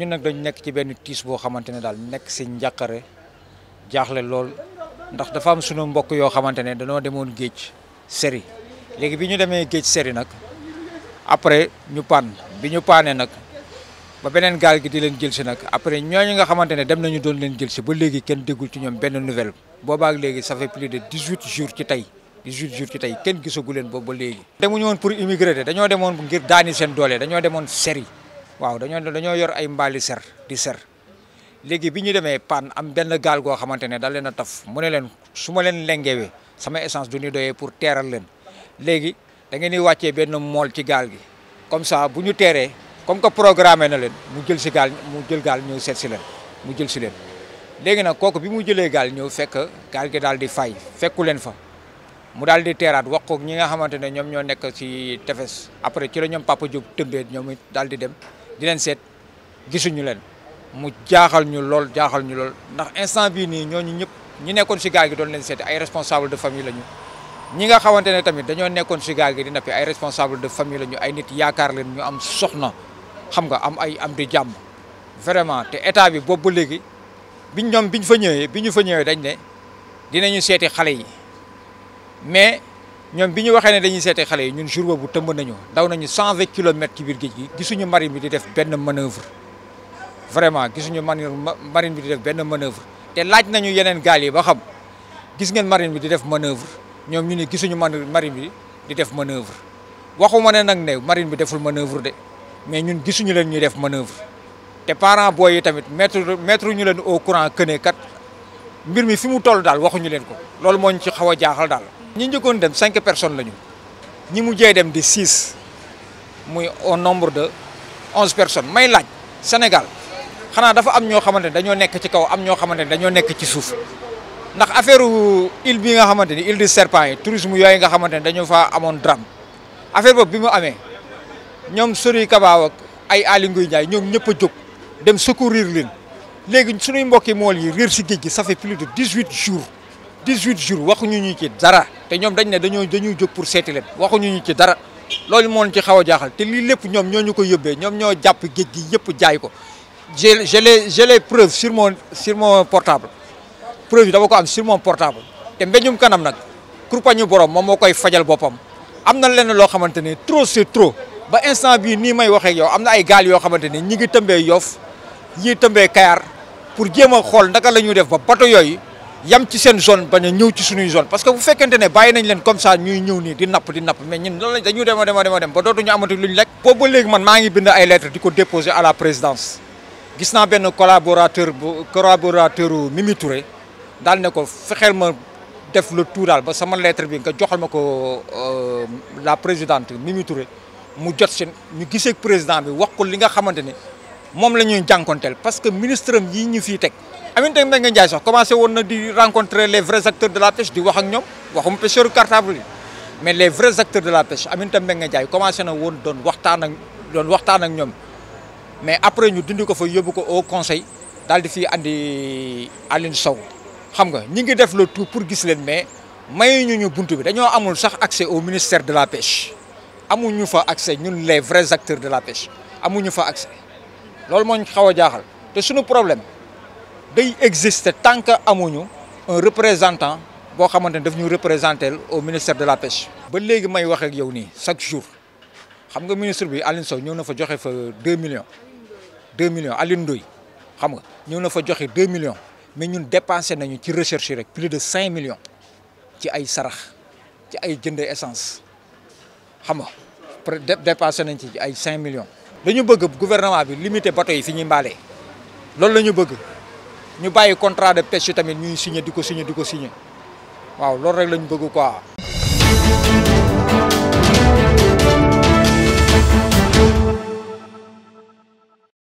ñun nag dañu nekk ci benn tiis boo xamante ne daal nekk si njàqare jaaxle lool ndax dafa am sunu mbokk yoo xamante ne dañoo demoon géej séri léegi bi ñu demee géej séri nag après ñu paan bi ñu paanee nag ba beneen gaal gi di leen jël si nag après ñooñu nga xamante ne dem nañu doon leen jël si ba léegi kenn déggul ci ñoom benn nouvelle boobaak léegi ça fait plus ci tey 18 jours ci kenn gisagu leen boobu ba léegi. demuñu woon pour immigrer dañoo demoon ngir daani seen doole dañoo demoon seri waaw dañoo dañoo yor ay mbaali ser di ser léegi bi ñu demee paan am benn gaal goo xamante ne da leen a taf mu ne leen su ma leen lengewee sama essence du ñu doyee pour teeral leen léegi da ngeen di wàccee benn mool ci gaal gi comme ça bu ñu teeree comme que programme na leen mu jël si gaal mu jël ñëw seet si leen mu jël si leen léegi nag kooku bi mu jëlee gaal ñëw fekk gaal gi daal di fay fekku leen fa mu daal di teeraat wax ko ñi nga xamante ne ñoom ñoo nekk ci tefes après ci la ñoom Papa Diop tëmbee ñoom it daal di dem di leen seet gisuñu leen mu jaaxal ñu lool jaaxal ñu lool ndax instant bii nii ñooñu ñëpp ñu nekkoon si gaal gi doon leen seet ay responsable de famille lañu ñi nga xamante ne tamit dañoo nekkoon si gaal gi di nappi ay responsable de famille ñu ay nit yaakaar leen ñu am soxna xam nga am ay am di jàmm vraiment te état bi boobu léegi biñ ñoom biñ fa ñëwee bi ñu fa ñëwee dañ ne dinañu seeti xale yi mais ñoom bi ñu waxee ne dañuy seete xale yi ñun jour boobu tëmb nañu daw nañu cent vingt kilomètres ci biir géej gi gisuñu marine bi di def benn manœuvre vraiment gisuñu marine bi di def benn manœuvre te laaj nañu yeneen gaal yi ba xam gis ngeen marine bi di def manœuvre ñoom ñu ne gisuñu marine bi di def manœuvre waxuma ne nag ne marine bi deful manœuvre de mais ñun gisuñu leen ñuy def manœuvre te parents booy yi tamit mettre mettre ñu leen au courant que ne kat mbir mi fi mu toll daal waxuñu leen ko loolu moo ñu ci xaw a jaaxal daal. ñi njëkkoon dem cinq personnes lañu ñi mu jee dem di six muy au nombre de onze personnes may laaj Sénégal xanaa dafa am ñoo xamante dañoo nekk ci kaw am ñoo xamante ne dañoo nekk ci suuf ndax affaire île bi nga xamante ni île de serpent yi tourisme yooyu nga xamante ne dañoo faa amoon drame affaire boobu bi mu amee ñoom Sori Kaba ak ay Aly Ngouille Ndiaye ñoom ñëpp jóg dem secourir leen léegi suñuy mbokki mool yi réer si géej gi ça fait plus de dix huit jours dix huit jours waxuñu ñu ci dara. te ñoom dañu ne dañoo dañuy jóg pour seeti waxuñu ñu ci dara loolu moo ci xaw a jaaxal te lii lépp ñoom ñoo ñu ko yóbbee ñoom ñoo jàpp géej gi yëpp jaay ko j'ai j'ai les j'ai les preuves portable preuve yi dama ko am surmon mon portable te mbéjum kanam nag kurpañu borom moom moo koy fajal boppam am na lenn loo xamante ne trop c'est trop ba instant bi nii may waxee yow am na ay gaal yoo xamante ne ñi ngi tëmbee Yoff ñi tëmbee Kayar pour jéem a xool naka la ñuy def ba yooyu yam ci seen zone bañ a ñëw ci suñuy zone parce que bu fekkente ne bàyyi nañ leen comme ça ñuy ñëw nii di napp di napp mais ñun lan lañ dañuy dema dema dema dem ba dootuñu amati luñ lekk boobu ba léegi man maa ngi bind ay lettres di ko déposer à la présidence gis naa benn collaborateur bu collaborateur Mimi Touré daal ne ko fexeel ma def le tout daal ba sama lettre bi nga joxal ma ko euh, la présidente Mimi Touré mu jot seen ñu gisee président bi wax ko li nga xamante ni moom la ñuy jànkonteel parce que ministre am yii ñu fiy teg Aminata Mbengue ngay sax commencé woon na di rencontrer les vrais acteurs de la pêche di wax ak ñom waxum pêcheur cartable mais les vrais acteurs de la pêche Aminata Mbengue Ndiaye commencé na won doon waxtaan ak doon waxtaan ak ñom mais après ñu dindi fa yóbbu ko au conseil daal di fi andi Aline Sow xam nga ñi ngi def le tout pour gis leen mais may ñu buntu bi dañoo amul sax accès au ministère de la pêche amuñu fa accès ñun les vrais acteurs de la pêche amuñu fa accès lool moo xawa jaaxal te suñu problème. Il existe, tant que un représentant qui est devenu daf au ministère de la pêche. ba vous may wax chaque jour le ministre bi Aline Sow nous na fa 2 millions 2 millions Aline Ndoye xam nga 2 millions mais nous dépensé nañu ci recherche plus de 5 millions ci ay sarax ci ay jënd essence xam nga dépassé nañ ci ay 5 millions. dañu bëgg gouvernement bi limiter bateau yi les balais. C'est loolu que bëgg. ñu bàyyi contrat de pêche yi tamit ñuy signé di ko signé di ko signé waaw loolu rek lañ bëgg quoi.